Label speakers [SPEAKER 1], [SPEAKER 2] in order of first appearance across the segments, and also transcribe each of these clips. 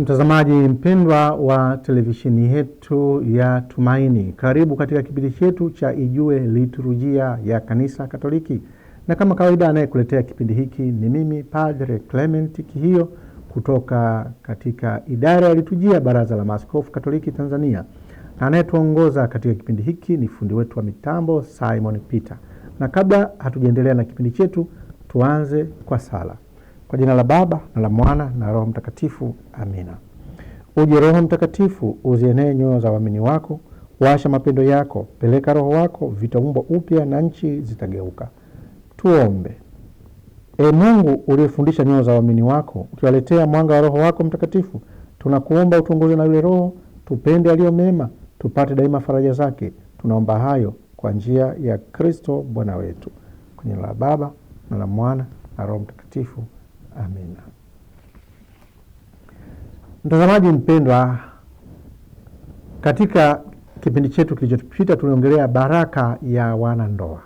[SPEAKER 1] Mtazamaji mpendwa wa televisheni yetu ya Tumaini, karibu katika kipindi chetu cha Ijue Liturujia ya Kanisa Katoliki, na kama kawaida, anayekuletea kipindi hiki ni mimi Padre Clement Kihio kutoka katika idara ya liturujia, Baraza la Maaskofu Katoliki Tanzania, na anayetuongoza katika kipindi hiki ni fundi wetu wa mitambo Simon Peter. Na kabla hatujaendelea na kipindi chetu, tuanze kwa sala. Kwa jina la Baba na la Mwana na Roho Mtakatifu, amina. Uje Roho Mtakatifu, uzienee nyoyo za waamini wako, washa mapendo yako, peleka Roho wako, vitaumbwa upya na nchi zitageuka. Tuombe. E Mungu uliyefundisha nyoyo za waamini wako, ukiwaletea mwanga wa Roho wako Mtakatifu, tunakuomba utuongoze na yule Roho tupende aliyo mema, tupate daima faraja zake. Tunaomba hayo kwa njia ya Kristo Bwana wetu. Kwa jina la Baba na la Mwana na Roho Mtakatifu. Amina. Mtazamaji mpendwa, katika kipindi chetu kilichopita tuliongelea baraka ya wanandoa.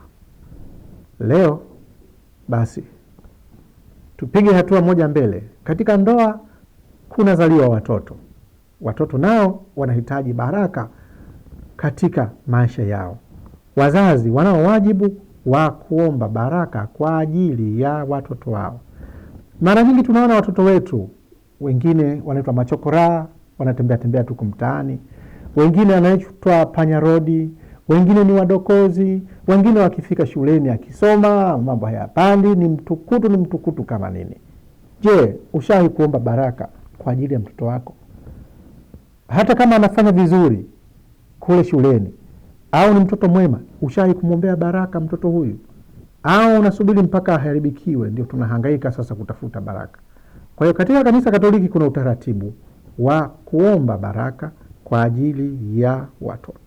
[SPEAKER 1] Leo basi tupige hatua moja mbele. Katika ndoa kunazaliwa watoto, watoto nao wanahitaji baraka katika maisha yao. Wazazi wanao wajibu wa kuomba baraka kwa ajili ya watoto wao. Mara nyingi tunaona watoto wetu wengine wanaitwa machokoraa, wanatembea tembea tu mtaani, wengine anaitwa panyarodi, wengine ni wadokozi, wengine wakifika shuleni akisoma mambo hayapandi, ni mtukutu ni mtukutu kama nini. Je, ushawahi kuomba baraka kwa ajili ya mtoto wako? Hata kama anafanya vizuri kule shuleni au ni mtoto mwema, ushawahi kumwombea baraka mtoto huyu? au unasubiri mpaka aharibikiwe? Ndio tunahangaika sasa kutafuta baraka. Kwa hiyo katika kanisa Katoliki kuna utaratibu wa kuomba baraka kwa ajili ya watoto.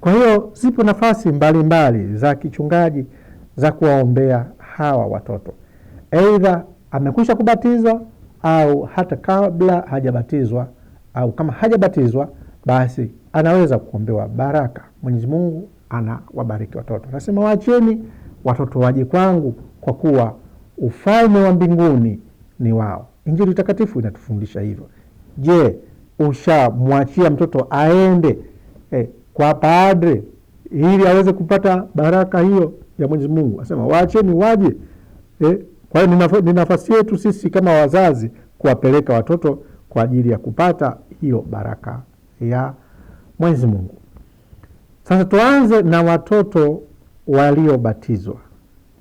[SPEAKER 1] Kwa hiyo zipo nafasi mbalimbali mbali za kichungaji za kuwaombea hawa watoto, eidha amekwisha kubatizwa au hata kabla hajabatizwa au kama hajabatizwa basi anaweza kuombewa baraka. Mwenyezi Mungu anawabariki watoto, anasema waacheni watoto waje kwangu, kwa kuwa ufalme wa mbinguni ni wao. Injili takatifu inatufundisha hivyo. Je, ushamwachia mtoto aende eh, kwa padre ili aweze kupata baraka hiyo ya Mwenyezi Mungu? Asema waacheni waje eh. Kwa hiyo ni nafasi yetu sisi kama wazazi kuwapeleka watoto kwa ajili ya kupata hiyo baraka ya Mwenyezi Mungu. Sasa tuanze na watoto waliobatizwa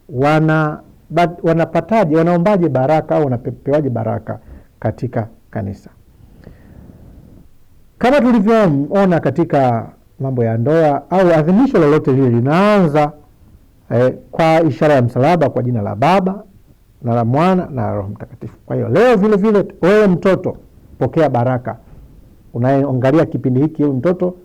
[SPEAKER 1] wana bat, wanapataje wanaombaje baraka au wanapewaje baraka katika kanisa? Kama tulivyoona katika mambo ya ndoa au adhimisho lolote lile linaanza eh, kwa ishara ya msalaba kwa jina la Baba na la Mwana na la Roho Mtakatifu. Kwa hiyo leo vilevile vile, wewe mtoto pokea baraka unayeangalia kipindi hiki, huyu mtoto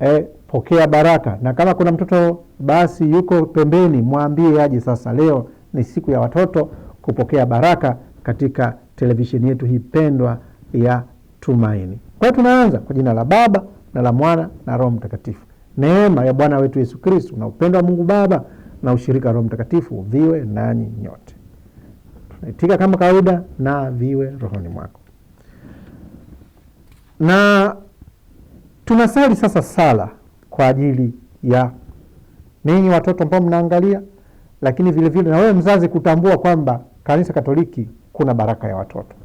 [SPEAKER 1] eh, pokea baraka, na kama kuna mtoto basi yuko pembeni, mwambie aje. Sasa leo ni siku ya watoto kupokea baraka katika televisheni yetu hii pendwa ya Tumaini. Kwa hiyo tunaanza kwa jina la Baba na la Mwana na Roho Mtakatifu. Neema ya Bwana wetu Yesu Kristu na upendo wa Mungu Baba na ushirika wa Roho Mtakatifu viwe nanyi nyote. Tunaitika kama kawaida, na viwe rohoni mwako. Na tunasali sasa sala kwa ajili ya ninyi watoto ambao mnaangalia, lakini vilevile na wewe mzazi kutambua kwamba kanisa Katoliki kuna baraka ya watoto.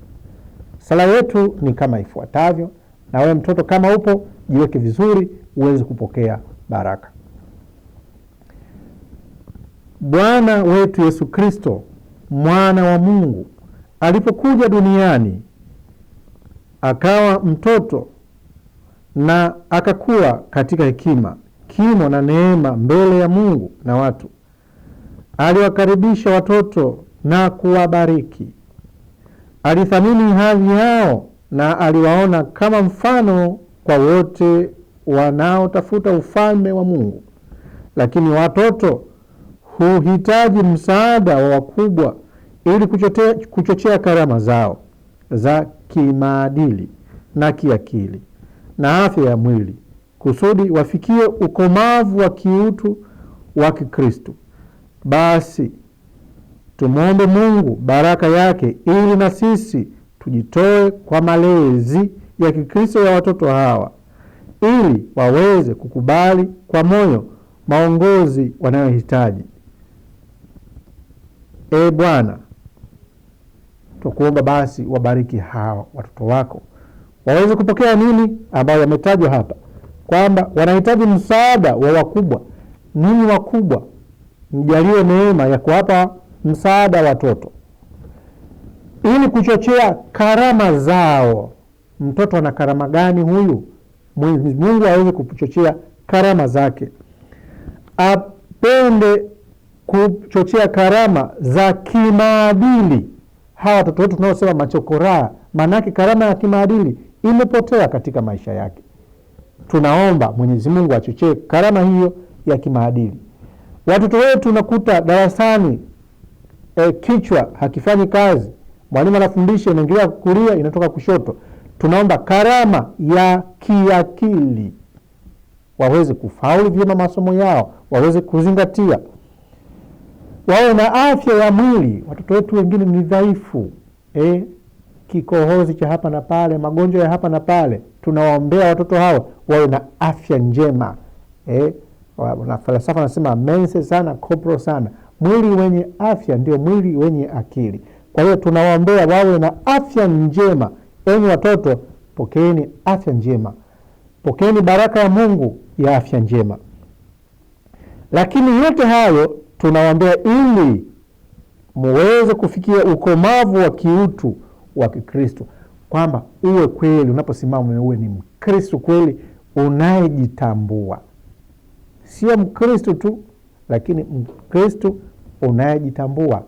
[SPEAKER 1] Sala yetu ni kama ifuatavyo, na wewe mtoto kama upo jiweke vizuri uweze kupokea baraka. Bwana wetu Yesu Kristo mwana wa Mungu alipokuja duniani akawa mtoto na akakuwa katika hekima, kimo na neema mbele ya Mungu na watu. Aliwakaribisha watoto na kuwabariki, alithamini hadhi yao na aliwaona kama mfano kwa wote wanaotafuta ufalme wa Mungu. Lakini watoto huhitaji msaada wa wakubwa ili kuchochea karama zao za kimaadili na kiakili na afya ya mwili kusudi wafikie ukomavu wa kiutu wa Kikristo. Basi tumwombe Mungu baraka yake ili na sisi tujitoe kwa malezi ya Kikristo ya watoto hawa ili waweze kukubali kwa moyo maongozi wanayohitaji. E Bwana, tukuomba basi wabariki hawa watoto wako waweze kupokea nini ambayo yametajwa hapa kwamba wanahitaji msaada wa wakubwa. Ninyi wakubwa, mjalie neema ya kuwapa msaada watoto ili kuchochea karama zao. Mtoto ana karama gani huyu? Mwenyezi Mungu aweze kuchochea karama zake, apende kuchochea karama za kimaadili. Hawa watoto wetu tunaosema machokoraa, maanake karama ya kimaadili imepotea katika maisha yake. Tunaomba Mwenyezi Mungu achochee karama hiyo ya kimaadili. Watoto wetu unakuta darasani e, kichwa hakifanyi kazi, mwalimu anafundisha, inaingilia kulia, inatoka kushoto. Tunaomba karama ya kiakili waweze kufaulu vyema masomo yao, waweze kuzingatia, wawe na afya ya mwili. Watoto wetu wengine ni dhaifu e, kikohozi cha hapa na pale, magonjwa ya hapa na pale. Tunawaombea watoto hao wawe na afya njema eh, na falsafa anasema mense sana kopro sana. Mwili wenye afya ndio mwili wenye akili. Kwa hiyo tunawaombea wawe na afya njema. Enyi watoto, pokeeni afya njema, pokeeni baraka ya Mungu ya afya njema. Lakini yote hayo tunawaombea ili muweze kufikia ukomavu wa kiutu wa Kikristo, kwamba uwe kweli, unaposimama uwe ni Mkristo kweli unayejitambua, sio Mkristo tu, lakini Mkristo unayejitambua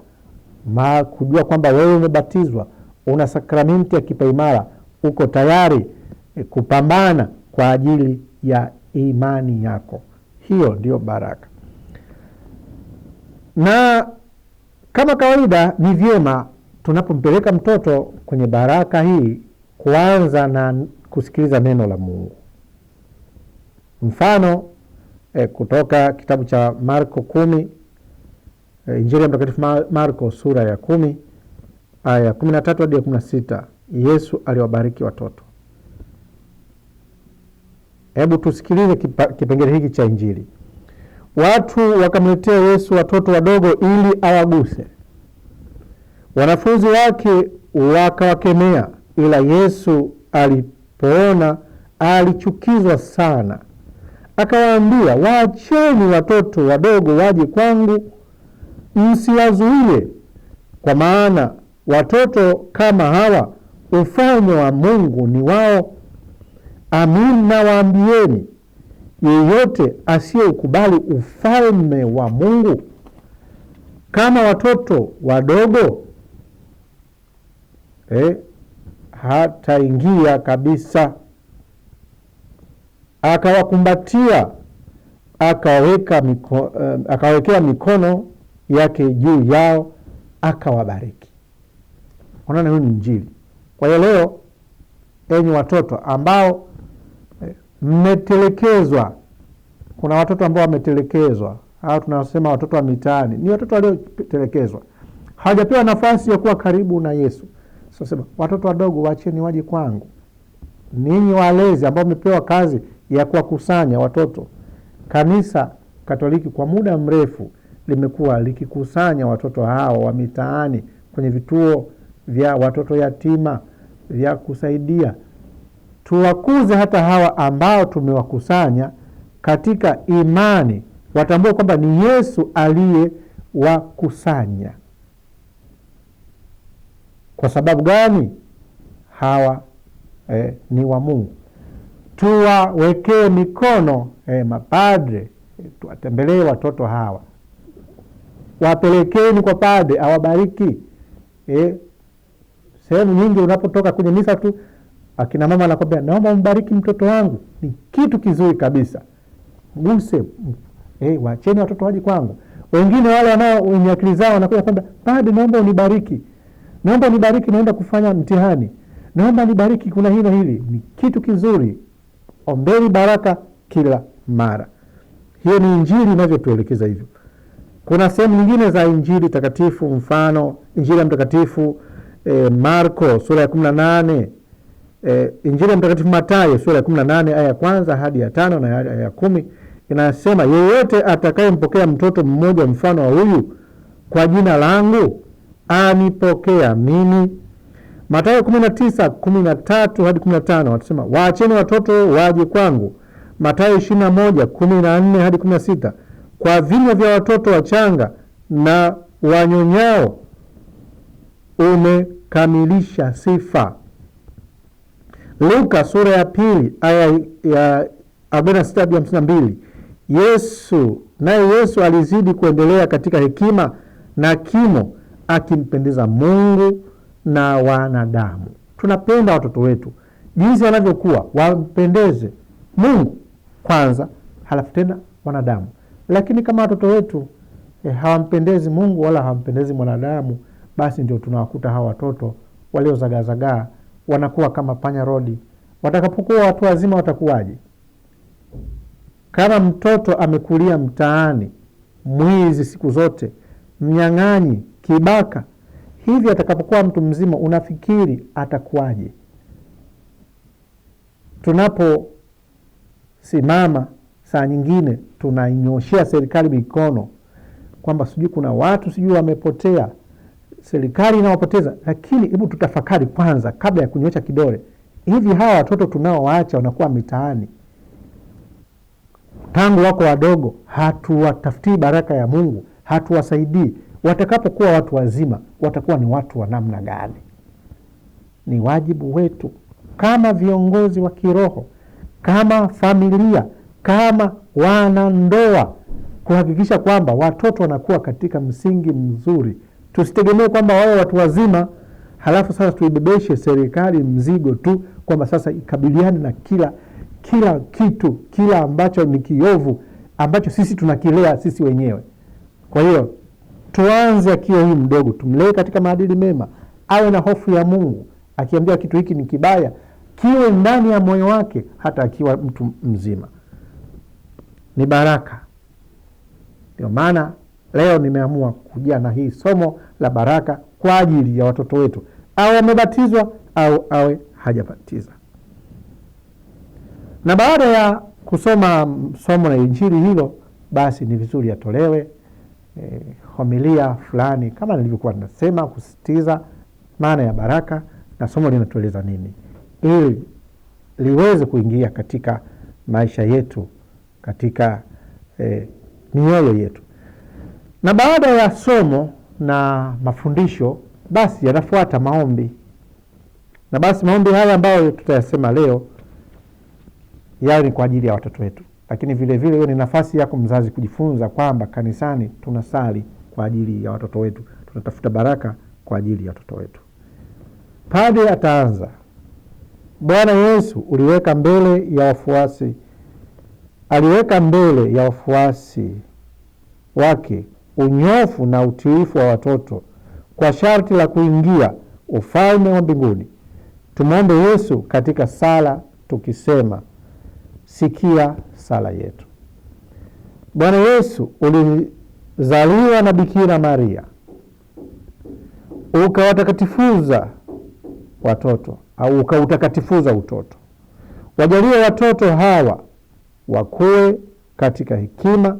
[SPEAKER 1] ma kujua kwamba wewe umebatizwa, una sakramenti ya kipaimara, uko tayari eh, kupambana kwa ajili ya imani yako. Hiyo ndio baraka. Na kama kawaida, ni vyema tunapompeleka mtoto kwenye baraka hii, kuanza na kusikiliza neno la Mungu. Mfano e, kutoka kitabu cha Marko kumi, e, Injili ya Mtakatifu Marko sura ya kumi aya ya kumi na tatu hadi ya kumi na sita Yesu aliwabariki watoto. Hebu tusikilize kipengele hiki cha Injili. Watu wakamletea Yesu watoto wadogo ili awaguse Wanafunzi wake wakawakemea, ila Yesu alipoona alichukizwa sana, akawaambia, waacheni watoto wadogo waje kwangu, msiwazuie, kwa maana watoto kama hawa ufalme wa Mungu ni wao. Amin, nawaambieni, yeyote asiyeukubali ufalme wa Mungu kama watoto wadogo eh, hataingia kabisa. Akawakumbatia akaweka miko, uh, akawekea mikono yake juu yao akawabariki. Unaona, huyu ni Injili. Kwa hiyo leo, enyi watoto ambao eh, mmetelekezwa, kuna watoto ambao wametelekezwa au tunasema watoto wa mitaani, ni watoto waliotelekezwa, hawajapewa nafasi ya kuwa karibu na Yesu sema, watoto wadogo waacheni waje kwangu, ninyi walezi ambao mmepewa kazi ya kuwakusanya watoto. Kanisa Katoliki kwa muda mrefu limekuwa likikusanya watoto hao wa mitaani kwenye vituo vya watoto yatima vya kusaidia. Tuwakuze hata hawa ambao tumewakusanya katika imani, watambue kwamba ni Yesu aliyewakusanya. Kwa sababu gani? Hawa eh, ni wa Mungu. Tuwawekee mikono eh, mapadre eh, tuwatembelee watoto hawa, wapelekeni kwa padre awabariki. Eh, sehemu nyingi unapotoka kwenye misa tu akina mama anakwambia naomba mbariki mtoto wangu. Ni kitu kizuri kabisa, guse eh, wacheni watoto waje kwangu. Wengine wale wanao wenye akili zao wanakuja kwamba padre, naomba unibariki naomba nibariki, naenda kufanya mtihani, naomba nibariki, kuna hii na hili. Ni kitu kizuri, ombeni baraka kila mara. Hiyo ni Injili inavyotuelekeza hivyo. Kuna sehemu nyingine za Injili takatifu, mfano Injili ya Mtakatifu e, Marko sura ya kumi na nane e, Injili ya Mtakatifu Matayo sura ya kumi na nane aya ya kwanza hadi ya tano na aya ya kumi inasema, yeyote atakayempokea mtoto mmoja mfano wa huyu kwa jina langu anipokea mimi. Mathayo 19:13 hadi 15 anasema waacheni watoto waje kwangu. Mathayo 2114 hadi 16 kwa vinywa vya watoto wachanga na wanyonyao umekamilisha sifa. Luka sura ya pili aya ya 46 52. Yesu naye Yesu alizidi kuendelea katika hekima na kimo akimpendeza Mungu na wanadamu. Tunapenda watoto wetu jinsi wanavyokuwa wampendeze Mungu kwanza, halafu tena wanadamu. Lakini kama watoto wetu eh, hawampendezi Mungu wala hawampendezi mwanadamu, basi ndio tunawakuta hawa watoto waliozagazagaa wanakuwa kama panya rodi. Watakapokuwa watu wazima watakuwaje? Kama mtoto amekulia mtaani, mwizi siku zote mnyang'anyi, kibaka, hivi atakapokuwa mtu mzima unafikiri atakuwaje? Tunaposimama saa nyingine tunainyoshea serikali mikono kwamba sijui kuna watu sijui wamepotea, serikali inawapoteza. Lakini hebu tutafakari kwanza kabla ya kunyosha kidole. Hivi hawa watoto tunaowaacha wanakuwa mitaani tangu wako wadogo, hatuwatafutii baraka ya Mungu, hatuwasaidii, watakapokuwa watu wazima watakuwa ni watu wa namna gani? Ni wajibu wetu kama viongozi wa kiroho, kama familia, kama wanandoa kuhakikisha kwamba watoto wanakuwa katika msingi mzuri. Tusitegemee kwamba wawe watu wazima halafu sasa tuibebeshe serikali mzigo tu kwamba sasa ikabiliane na kila kila kitu kila ambacho ni kiovu ambacho sisi tunakilea sisi wenyewe. Kwa hiyo tuanze akiwa huyu mdogo, tumlee katika maadili mema, awe na hofu ya Mungu. Akiambiwa kitu hiki ni kibaya, kiwe ndani ya moyo wake, hata akiwa mtu mzima. Ni baraka. Ndio maana leo nimeamua kuja na hii somo la baraka kwa ajili ya watoto wetu, awe amebatizwa au awe hajabatiza. Na baada ya kusoma somo la injili hilo, basi ni vizuri atolewe eh, homilia fulani, kama nilivyokuwa ninasema kusisitiza maana ya baraka na somo linatueleza nini, ili liweze kuingia katika maisha yetu, katika eh, mioyo yetu. Na baada ya somo na mafundisho, basi yanafuata maombi. Na basi maombi haya ambayo tutayasema leo yayo ni kwa ajili ya watoto wetu lakini vilevile hiyo ni nafasi yako mzazi kujifunza kwamba kanisani tunasali kwa ajili ya watoto wetu, tunatafuta baraka kwa ajili ya watoto wetu. Padre ataanza, Bwana Yesu uliweka mbele ya wafuasi, aliweka mbele ya wafuasi wake unyofu na utiifu wa watoto kwa sharti la kuingia ufalme wa mbinguni. Tumwombe Yesu katika sala tukisema, sikia sala yetu. Bwana Yesu, ulizaliwa na Bikira Maria, ukawatakatifuza watoto au ukautakatifuza utoto. Wajalie watoto hawa wakue katika hekima,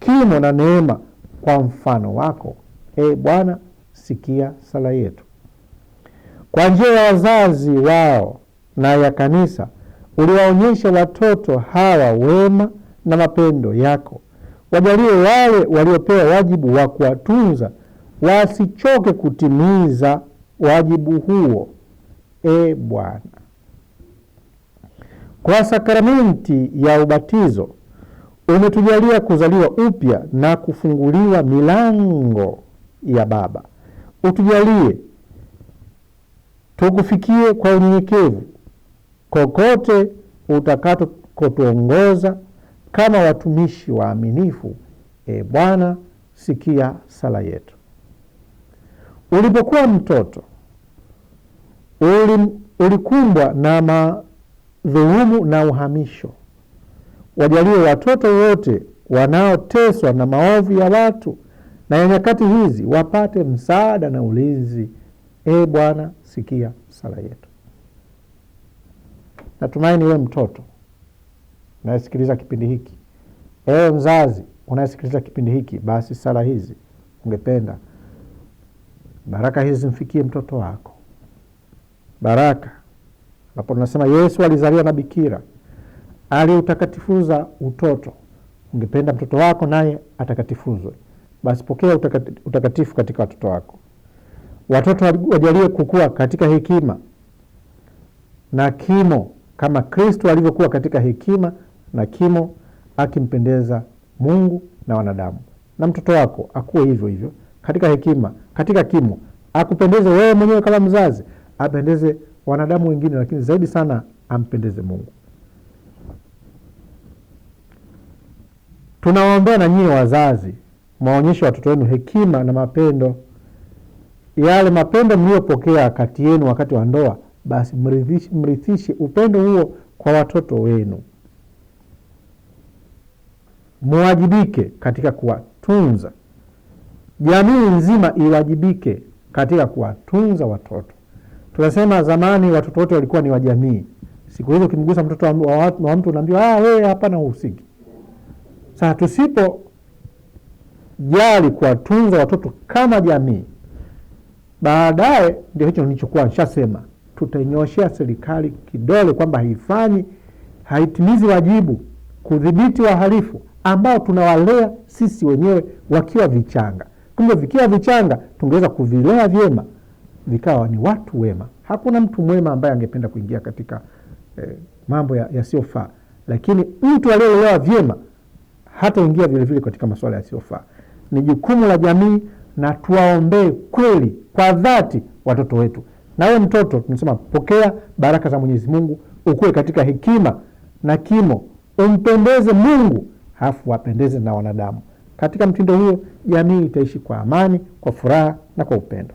[SPEAKER 1] kimo na neema, kwa mfano wako. E Bwana, sikia sala yetu. Kwa njia ya wazazi wao na ya kanisa uliwaonyesha watoto hawa wema na mapendo yako. Wajalie wale waliopewa wajibu wa kuwatunza wasichoke kutimiza wajibu huo, e Bwana. Kwa sakramenti ya ubatizo umetujalia kuzaliwa upya na kufunguliwa milango ya Baba. Utujalie tukufikie kwa unyenyekevu kokote utakakotuongoza kama watumishi waaminifu. E Bwana, sikia sala yetu. Ulipokuwa mtoto ulikumbwa na madhulumu na uhamisho. Wajalie watoto wote wanaoteswa na maovu ya watu na ya nyakati hizi wapate msaada na ulinzi. E Bwana, sikia sala yetu. Natumaini we mtoto unayesikiliza kipindi hiki, ewe mzazi unayesikiliza kipindi hiki, basi sala hizi ungependa baraka hizi zimfikie mtoto wako, baraka ambapo tunasema Yesu alizaliwa na bikira, aliutakatifuza utoto. Ungependa mtoto wako naye atakatifuzwe, basi pokea utakatifu katika watoto wako. Watoto wajaliwe kukua katika hekima na kimo kama Kristo alivyokuwa katika hekima na kimo, akimpendeza Mungu na wanadamu. Na mtoto wako akuwe hivyo hivyo katika hekima, katika kimo, akupendeze wewe mwenyewe kama mzazi, apendeze wanadamu wengine, lakini zaidi sana ampendeze Mungu. Tunawaombea na nyie wazazi, mwaonyeshe watoto wenu hekima na mapendo, yale mapendo mliyopokea kati yenu wakati wa ndoa basi mrithishe upendo huo kwa watoto wenu. Muwajibike katika kuwatunza, jamii nzima iwajibike katika kuwatunza watoto. Tunasema zamani watoto wote walikuwa ni wa jamii. Siku hizi ukimgusa mtoto wa mtu unaambiwa ah, wewe, hapana, uhusiki. Sasa tusipojali kuwatunza watoto kama jamii, baadaye ndio hicho nilichokuwa nishasema tutainyoshea serikali kidole kwamba haifanyi, haitimizi wajibu kudhibiti wahalifu ambao tunawalea sisi wenyewe wakiwa vichanga. Kumbe vikiwa vichanga tungeweza kuvilea vyema vikawa ni watu wema. Hakuna mtu mwema ambaye angependa kuingia katika eh, mambo yasiyofaa ya, lakini mtu aliyelelewa vyema hataingia vilevile katika masuala yasiyofaa. Ni jukumu la jamii, na tuwaombee kweli kwa dhati watoto wetu. Nawe mtoto, tunasema pokea baraka za Mwenyezi Mungu, ukuwe katika hekima na kimo, umpendeze Mungu halafu wapendeze na wanadamu. Katika mtindo huo, jamii itaishi kwa amani, kwa furaha na kwa upendo.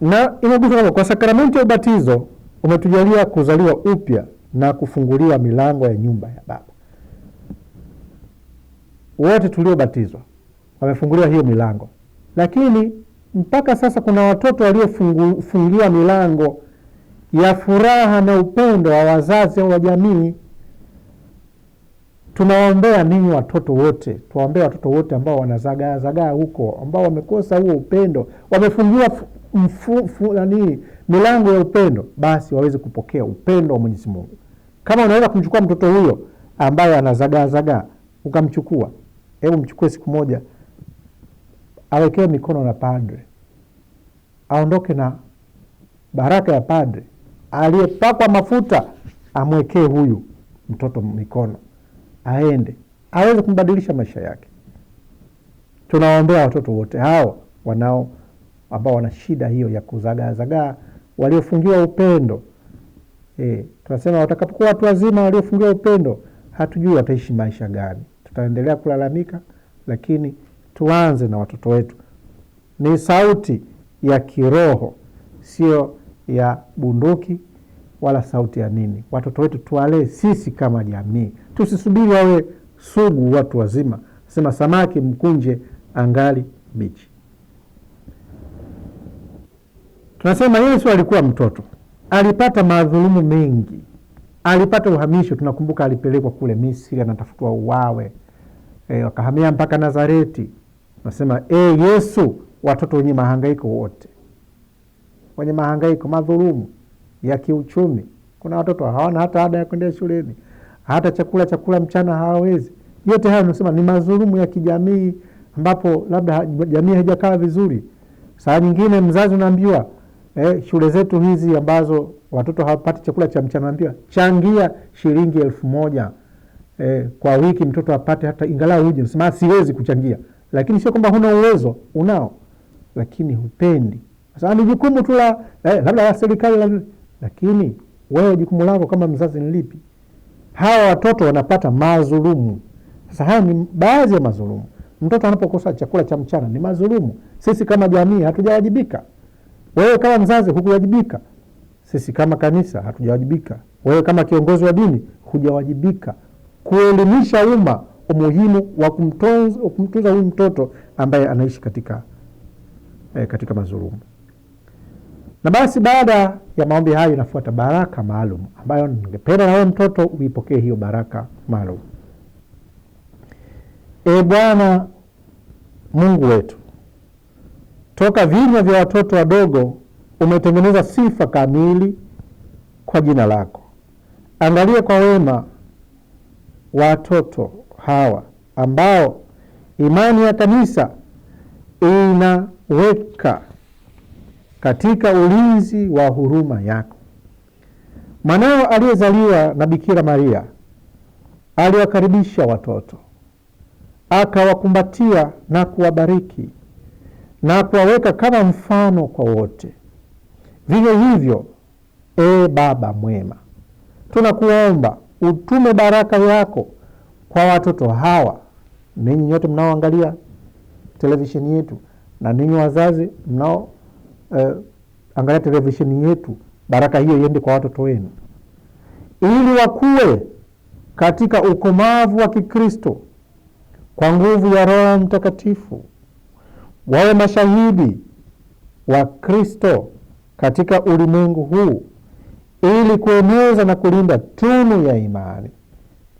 [SPEAKER 1] Na imeguzwa kwa sakramenti ya ubatizo, umetujalia kuzaliwa upya na kufunguliwa milango ya nyumba ya Baba. Wote tuliobatizwa wamefunguliwa hiyo milango, lakini mpaka sasa kuna watoto waliofungiwa milango ya furaha na upendo wa wazazi au wa jamii. Tunawaombea ninyi watoto wote, tuwaombea watoto wote ambao wanazagaazagaa huko, ambao wamekosa huo upendo, wamefungiwa nani milango ya upendo, basi waweze kupokea upendo wa Mwenyezi Mungu. Kama unaweza kumchukua mtoto huyo ambaye anazagaazagaa ukamchukua, hebu mchukue siku moja awekewe mikono na padre, aondoke na baraka ya padre aliyepakwa mafuta, amwekee huyu mtoto mikono, aende aweze kumbadilisha maisha yake. Tunawaombea watoto wote hao wanao ambao wana shida hiyo ya kuzagaazagaa, waliofungiwa upendo e, tunasema watakapokuwa watu wazima waliofungiwa upendo, hatujui wataishi maisha gani. Tutaendelea kulalamika, lakini tuanze na watoto wetu. Ni sauti ya kiroho, sio ya bunduki wala sauti ya nini. Watoto wetu tuwalee sisi kama jamii, tusisubiri wawe sugu watu wazima. Sema samaki mkunje angali bichi. Tunasema Yesu alikuwa mtoto, alipata madhulumu mengi, alipata uhamisho. Tunakumbuka alipelekwa kule Misri, anatafutwa uwawe, e, eh, wakahamia mpaka Nazareti Nasema e Yesu, watoto wenye mahangaiko wote, wenye mahangaiko madhulumu ya kiuchumi. Kuna watoto hawana hata ada ya kuendea shuleni, hata chakula chakula mchana hawawezi. Yote hayo nasema ni madhulumu ya kijamii, ambapo labda jamii haijakaa vizuri. Saa nyingine mzazi unaambiwa eh, shule zetu hizi ambazo watoto hawapati chakula cha mchana, naambiwa changia shilingi elfu moja eh, kwa wiki mtoto apate hata ingalau uji. Nasema ah, siwezi kuchangia lakini sio kwamba huna uwezo, unao, lakini hupendi. Sasa ni jukumu tu la eh, labda la serikali la, lakini wewe jukumu lako kama mzazi ni lipi? Hawa watoto wanapata mazulumu Sasa haya ni baadhi ya mazulumu Mtoto anapokosa chakula cha mchana ni mazulumu Sisi kama jamii hatujawajibika. Wewe kama mzazi hukuwajibika. Sisi kama kanisa hatujawajibika. Wewe kama kiongozi wa dini hujawajibika kuelimisha umma umuhimu wa kumtunza huyu mtoto ambaye anaishi katika, eh, katika mazulumu. Na basi baada ya maombi hayo inafuata baraka maalum ambayo ningependa na wewe mtoto uipokee hiyo baraka maalum. E Bwana Mungu wetu, toka vinywa vya watoto wadogo umetengeneza sifa kamili kwa jina lako. Angalia kwa wema watoto hawa ambao imani ya kanisa inaweka katika ulinzi wa huruma yako. Mwanao aliyezaliwa na Bikira Maria aliwakaribisha watoto, akawakumbatia na kuwabariki na kuwaweka kama mfano kwa wote. Vivyo hivyo, e Baba mwema, tunakuomba utume baraka yako kwa watoto hawa, ninyi nyote mnaoangalia televisheni yetu na ninyi wazazi mnao eh, angalia televisheni yetu, baraka hiyo iende kwa watoto wenu ili wakuwe katika ukomavu wa Kikristo kwa nguvu ya Roho Mtakatifu, wawe mashahidi wa Kristo katika ulimwengu huu, ili kueneza na kulinda tunu ya imani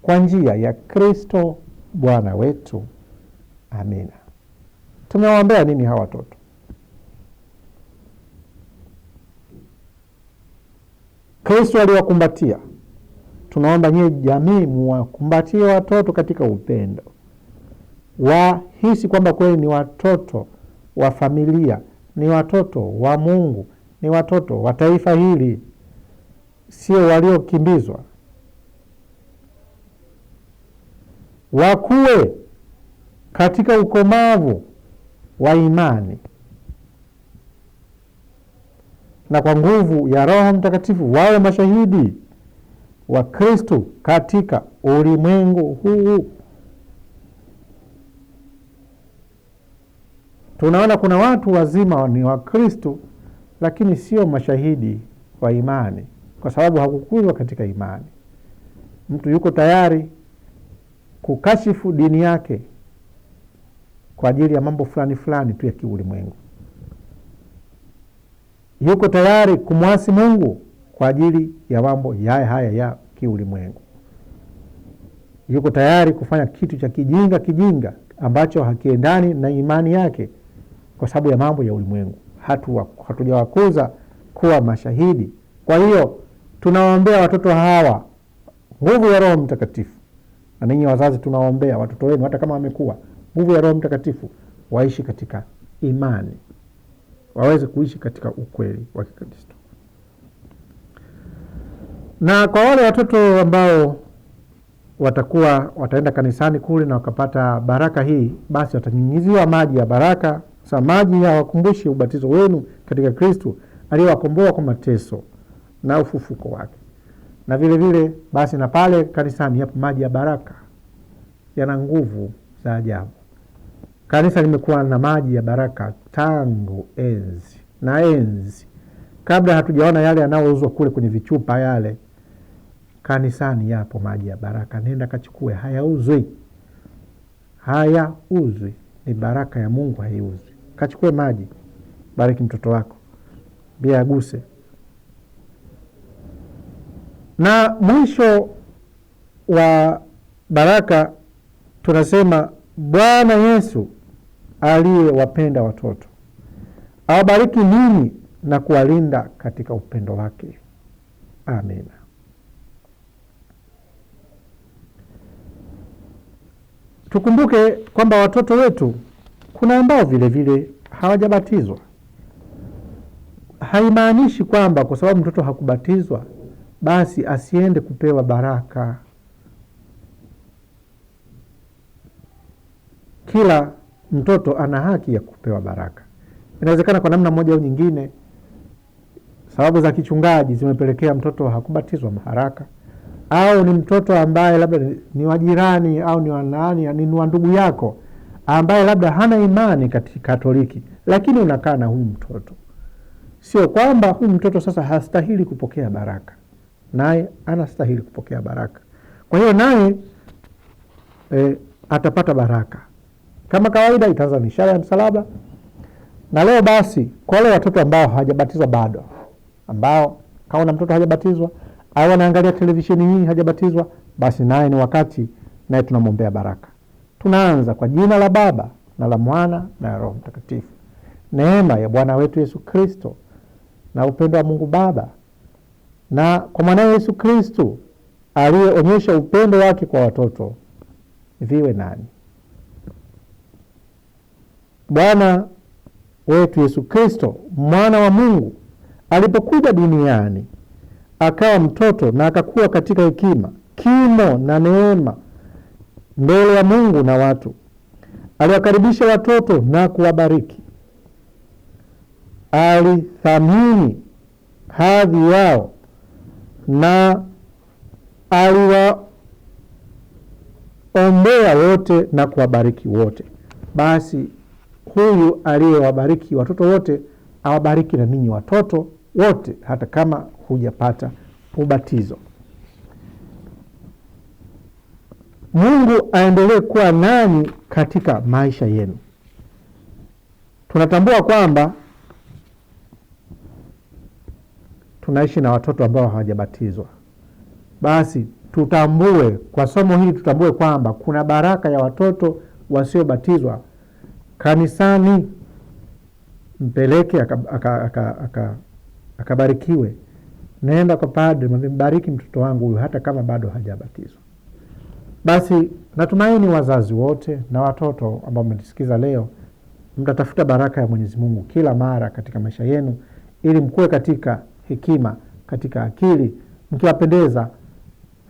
[SPEAKER 1] kwa njia ya Kristo Bwana wetu. Amina. Tumewaombea nini hawa watoto? Kristo aliwakumbatia. Tunaomba nyie jamii, muwakumbatie watoto katika upendo, wahisi kwamba kweli ni watoto wa familia, ni watoto wa Mungu, ni watoto wa taifa hili, sio waliokimbizwa. wakuwe katika ukomavu wa imani na kwa nguvu ya Roho Mtakatifu wawe mashahidi wa Kristo katika ulimwengu huu. Tunaona kuna watu wazima ni wa Kristo, lakini sio mashahidi wa imani, kwa sababu hakukuzwa katika imani. Mtu yuko tayari kukashifu dini yake kwa ajili ya mambo fulani fulani tu ya kiulimwengu. Yuko tayari kumwasi Mungu kwa ajili ya mambo yaye haya ya kiulimwengu. Yuko tayari kufanya kitu cha kijinga kijinga ambacho hakiendani na imani yake kwa sababu ya mambo ya ulimwengu. Hatujawakuza kuwa mashahidi. Kwa hiyo tunawaombea watoto hawa nguvu ya Roho Mtakatifu na ninyi wazazi, tunawaombea watoto wenu, hata kama wamekuwa, nguvu ya Roho Mtakatifu waishi katika imani, waweze kuishi katika ukweli wa Kikristo. Na kwa wale watoto ambao watakuwa wataenda kanisani kule na wakapata baraka hii, basi watanyunyiziwa maji ya baraka. Sa maji hawakumbushi ubatizo wenu katika Kristo aliyewakomboa kwa mateso na ufufuko wake na vile vile basi na pale kanisani yapo maji ya baraka yana nguvu za ajabu. Kanisa limekuwa na maji ya baraka tangu enzi na enzi, kabla hatujaona yale yanayouzwa kule kwenye vichupa yale. Kanisani yapo maji ya baraka, nenda kachukue, hayauzwi, hayauzwi. Ni baraka ya Mungu, haiuzwi. Kachukue maji, bariki mtoto wako, pia aguse na mwisho wa baraka tunasema Bwana Yesu aliyewapenda watoto awabariki ninyi na kuwalinda katika upendo wake. Amina. Tukumbuke kwamba watoto wetu kuna ambao vilevile hawajabatizwa. Haimaanishi kwamba kwa sababu mtoto hakubatizwa basi asiende kupewa baraka. Kila mtoto ana haki ya kupewa baraka. Inawezekana kwa namna moja au nyingine, sababu za kichungaji zimepelekea mtoto hakubatizwa haraka, au ni mtoto ambaye labda ni wajirani au ni wanani, ni wa ndugu yako ambaye labda hana imani katika Katoliki, lakini unakaa na huyu mtoto, sio kwamba huyu mtoto sasa hastahili kupokea baraka naye anastahili kupokea baraka. Kwa hiyo naye e, atapata baraka kama kawaida. Itaanza na ishara ya msalaba. Na leo basi, kwa wale watoto ambao hawajabatizwa bado, ambao kaona mtoto hajabatizwa au anaangalia televisheni hii hajabatizwa, basi naye ni wakati, naye tunamwombea baraka. Tunaanza kwa jina la Baba na la Mwana na Roho Mtakatifu. Neema ya Bwana wetu Yesu Kristo na upendo wa Mungu Baba na kwa mwanawe Yesu Kristu aliyeonyesha upendo wake kwa watoto viwe nani? Bwana wetu Yesu Kristo mwana wa Mungu alipokuja duniani akawa mtoto na akakuwa katika hekima, kimo na neema mbele ya Mungu na watu. Aliwakaribisha watoto na kuwabariki. Alithamini hadhi yao na aliwaombea wote na kuwabariki wote. Basi huyu aliyewabariki watoto wote awabariki na ninyi watoto wote, hata kama hujapata ubatizo. Mungu aendelee kuwa nani katika maisha yenu. Tunatambua kwamba tunaishi na watoto ambao hawajabatizwa, basi tutambue kwa somo hili, tutambue kwamba kuna baraka ya watoto wasiobatizwa kanisani. Mpeleke akabarikiwe. Naenda kwa padri, mbariki mtoto wangu huyu, hata kama bado hajabatizwa. Basi natumaini wazazi wote na watoto ambao mmenisikiza leo mtatafuta baraka ya Mwenyezi Mungu kila mara katika maisha yenu, ili mkuwe katika hekima katika akili, mkiwapendeza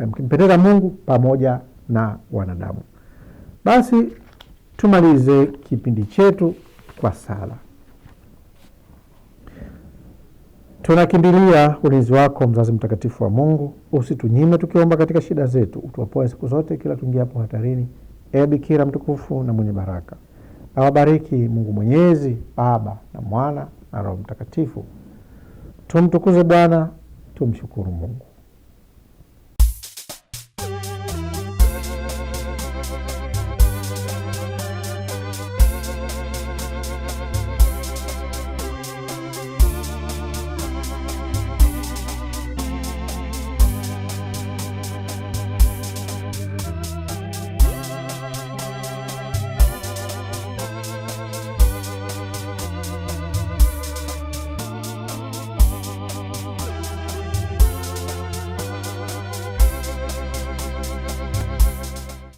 [SPEAKER 1] eh, mkimpendeza Mungu pamoja na wanadamu. Basi tumalize kipindi chetu kwa sala. Tunakimbilia ulinzi wako, mzazi mtakatifu wa Mungu, usitunyime tukiomba katika shida zetu, utuapoe siku zote kila tungiapo hatarini. Ee Bikira mtukufu na mwenye baraka, awabariki Mungu Mwenyezi, Baba na Mwana na Roho Mtakatifu. Tumtukuze Bwana, tumshukuru Mungu.